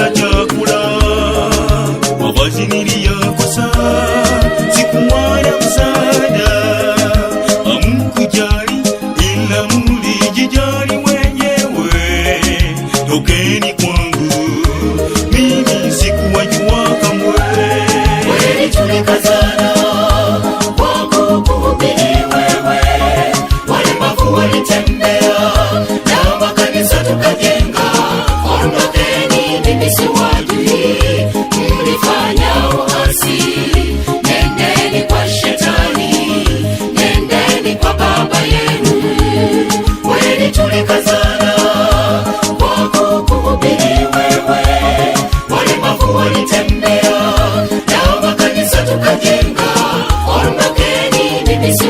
kukosa chakula, mavazi niliyakosa, sikuwana msaada, hamkujali ila mlijijali. Baby,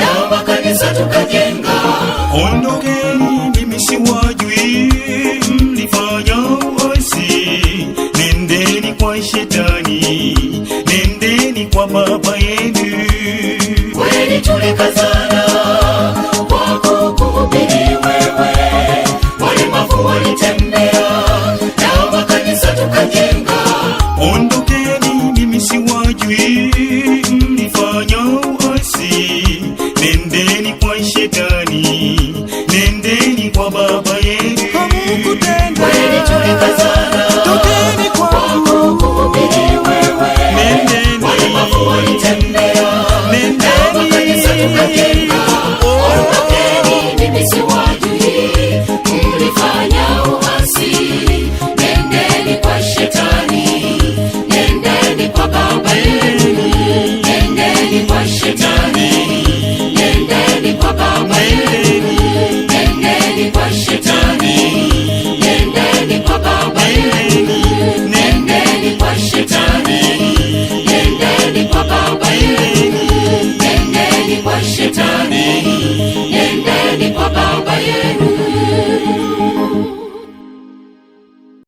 shetani, nendeni kwa baba yenu, kweli tulikazana